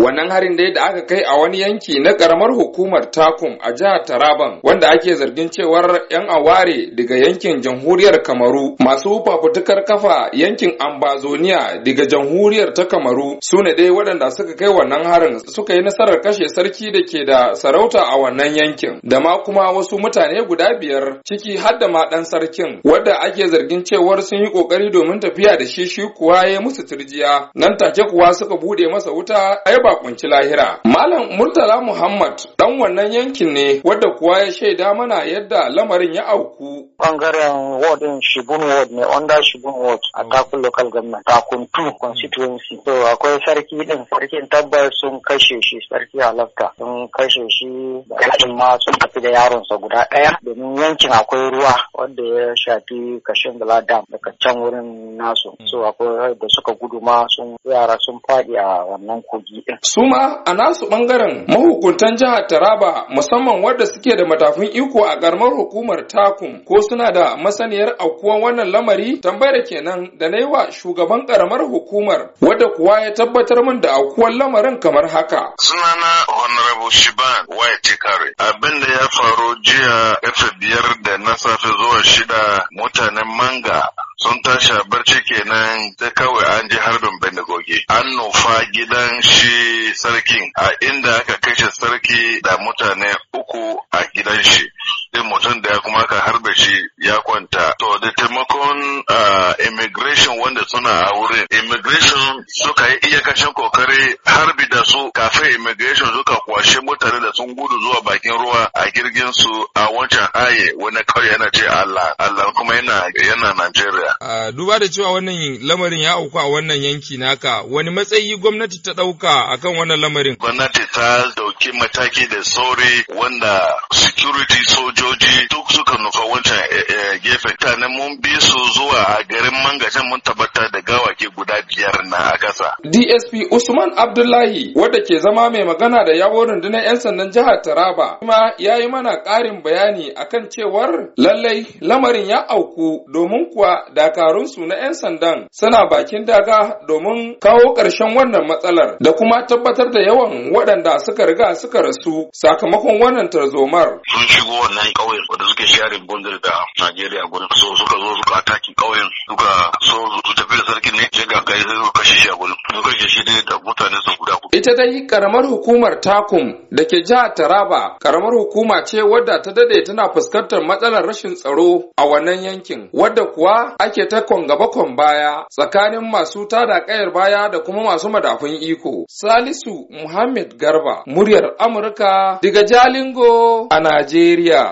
Wannan harin dai da aka kai a wani yanki na karamar hukumar Takum a jihar Taraban wanda ake zargin cewar 'yan aware daga yankin jamhuriyar Kamaru masu fafutukar kafa yankin Ambazoniya daga jamhuriyar ta Kamaru su ne dai waɗanda suka kai wannan harin suka yi nasarar kashe sarki da ke da sarauta a wannan yankin da ma kuma wasu mutane guda biyar ciki har da ma ɗan sarkin wadda ake zargin cewar sun yi ƙoƙari domin tafiya da shi shi kuwa ya musu turjiya nan take kuwa suka buɗe masa wuta ai kunci lahira. Malam Murtala Muhammad dan wannan yankin ne wadda kuwa ya shaida mana yadda lamarin ya auku. Bangaren ward in Shibun ward ne under Shibun ward a Takun local government Takun 2 constituency. To akwai sarki din sarkin tabbas sun kashe shi sarki alafta sun kashe shi da ma sun tafi da yaronsa guda ɗaya domin yankin akwai ruwa wanda ya shafi kashin Bala Dam daga can wurin nasu. So akwai da suka gudu ma sun yara sun faɗi a wannan kogi ɗin Su ma a nasu ɓangaren mahukuntan jihar Taraba musamman wadda suke da matafin iko a ƙaramar hukumar Takum ko suna da masaniyar aukuwan wannan lamari tambayar kenan da na yi wa shugaban karamar hukumar wadda kuwa ya tabbatar min da aukuwan lamarin kamar haka. Sunana Honorable Shiban White Kare. Abin da ya faru jiya ƙarfe biyar da na safe zuwa shida mutanen manga sun tashi a barci kenan sai kawai an ji harbin goge an nufa gidan shi sarkin a inda aka kashe sarki da mutane uku a gidan shi din mutum da ya kuma aka harbe shi ya kwanta to da taimakon immigration wanda suna a wurin immigration suka yi iyakacin kokari harbi da su kafin immigration suka kwashe da sun gudu zuwa bakin ruwa a jirgin su a wancan aye wani kauye yana ce Allah Allah kuma yana yana Najeriya. A duba da cewa wannan lamarin ya auku a wannan yanki naka wani matsayi gwamnati ta ɗauka akan wannan lamarin. Gwamnati ta dauki mataki da sauri wanda security sojoji duk suka nufa wancan eh, eh, gefe Mutanen mun bi su zuwa a garin mangashin mun tabbatar da gawa ke guda biyar na a DSP Usman Abdullahi wadda ke zama mai magana da yawon rundunar 'yan sandan jihar Taraba kuma ya yi mana ƙarin bayani akan cewar lallai lamarin ya auku domin kuwa dakarunsu na 'yan sandan suna bakin daga domin kawo ƙarshen wannan matsalar da kuma tabbatar da yawan waɗanda suka riga suka rasu sakamakon wannan tarzomar. Sun shigo wannan ƙauyen da suke share gundar da Najeriya gudun so suka zo suka ataki ƙauyen suka so su tafi da sarkin ne kai sai suka kashe shi a gurin suka kashe shi ne da mutane sun guda hudu ita dai karamar hukumar takum da ke jiha taraba karamar hukuma ce wadda ta dade tana fuskantar matsalar rashin tsaro a wannan yankin wadda kuwa ake ta gaba kon baya tsakanin masu tada kayar baya da kuma masu madafun iko salisu muhammad garba muryar amurka daga jalingo a najeriya